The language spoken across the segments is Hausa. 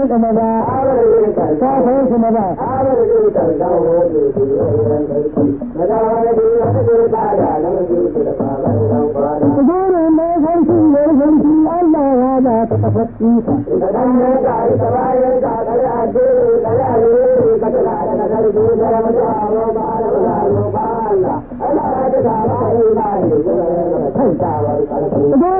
rinka maza ta koyar su maza Zurin mai sarki mai sarki Allah ya ba ta kafar tuka. Idan ya ga ita bayan ta kare a jere kare a jere ka tana da kasar duniya mutu a roba da wula roba Allah. Allah ya ta kama a yi ba ne kuma ya kanta wa karfi.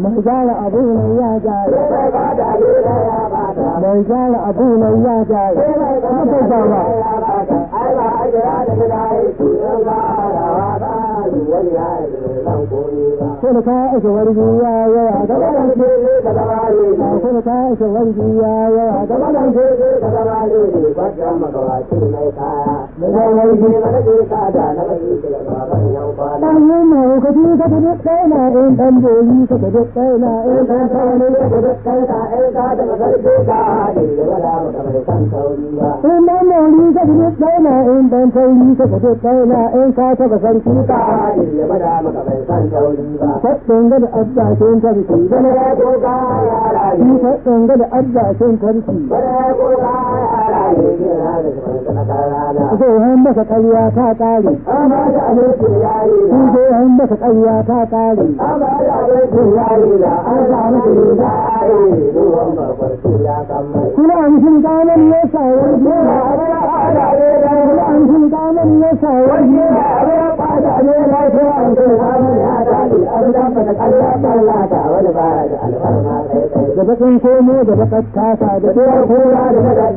mai gyara abu ne ya gyara mai gyara abu ne ya gyara kuma ba ba Sai ka ake wargi ya yawa gaba da ke da gaba ne. Sai ka ake wargi yawa gaba da ke da gaba ne. Ba ta makawaci mai kaya. Mai wargi na da ke kada na mai ke da baban yan kwana. Dan yin mai ka ji ka tabi kai na in dan boyi ka tabi kai in dan tawani ka tabi kai na in ka da mazarbe ka. Ni wala maka mai san ba. da gudu tsaina in ban tauri ka fito tsaina in ka taba sarki ka halin ya bada maka bai san tauri ba ka ga da azzashin tarki bane ko ka yara ni ka ga da azzashin tarki bane ko ka Tsohon baka ƙarya ta ƙare. Kun tsohon baka ƙarya ta ƙare. Kuna amshin ƙanan nesa wajen. Kuna amshin ƙanan nesa wajen. ne na yi kowa in kai wani ya dani an dafa da ƙarya ballata wani ba da alfarma kai. Da bakan komo da bakan tasa da biyar kura da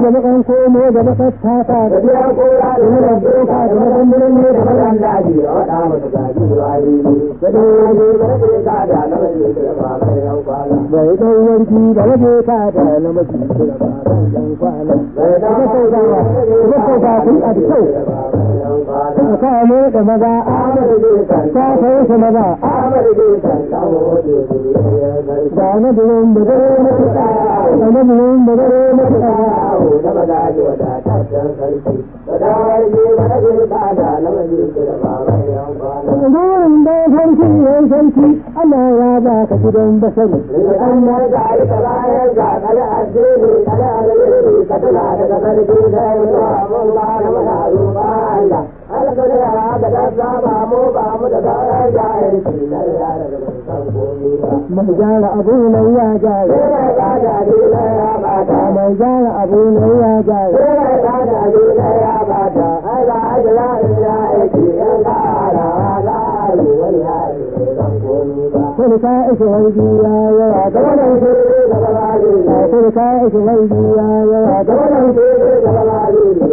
Da bakan komo da da biyar kura da madar da madan da madan daji a waɗa musu gaji wari. Da da da na mace da ba Bai wanki da rage ka da na da ba kai kwana. Bai wanki da rage ka da na da ba kwana. ka mu da maza ka kai su maza da na biyun da dare matuƙa da na biyun da dare matuƙa da maza ji wata tashin da na ji da na maji ki da da ya ba ka gidan basani. Rikan na ga ita ka daga da yawa mun duniya da ta saba mu ba mu da zarar jahilci na ya da san komi ba. Mai gyara abu nan ya gyara. Yana ba da duniya ya bata. Mai gyara abu nan ya gyara. Yana ba da duniya ya bata. ka ajira in ya aiki in ka ara ka ayi wani ya aiki san komi ba. Kuma ka aiki wani duniya yawa. ka da ke da bala'in. Kuma ka aiki wani duniya yawa. Kuma da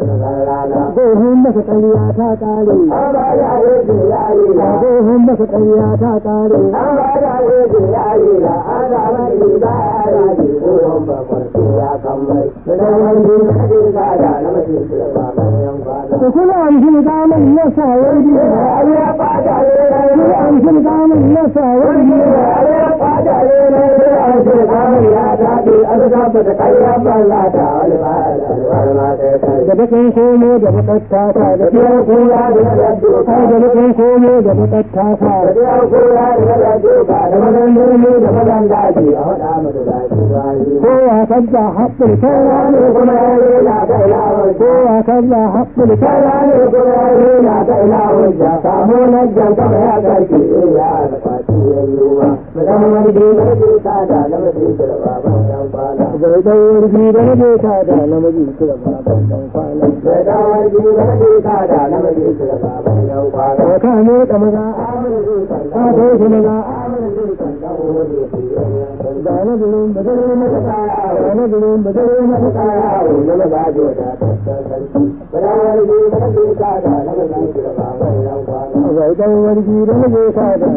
Tsohon masa ƙarya ta ƙare. Tsohon masa ƙarya ta ƙare. Ku kuna amshin damar nasa wani ne. Kuna amshin damar nasa wani ne. Kuna amshin damar ya daɗe, an zaba da ƙarya ba za ta wani da kan komo da bukatta ta da biyar kula da ai da kan komo da bukatta ta da biyar kula da da madan dirmi da madan daji a wada mu da daji ko wa kadda haqqul kalam kuma ya rila da ilawa ko wa kadda haqqul kalam kuma ya rila da ilawa ja samu najjan ta da garki ya da fati ruwa madan wani da ta da na mutum da zai dawar gida na beta da namiji su da ba dan kwana zai dawar gida na beta da namiji su da baban dan kwana ka ne da maza ka da shi maza da na gurin da gare na ta da na gurin da gare na ta da na ba da ta dawar gida na beta da namiji su da ba. kwana zai dawar gida na beta da namiji su da ba.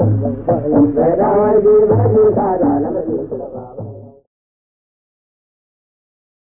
dan kwana zai dawar gida na beta da namiji su da ba.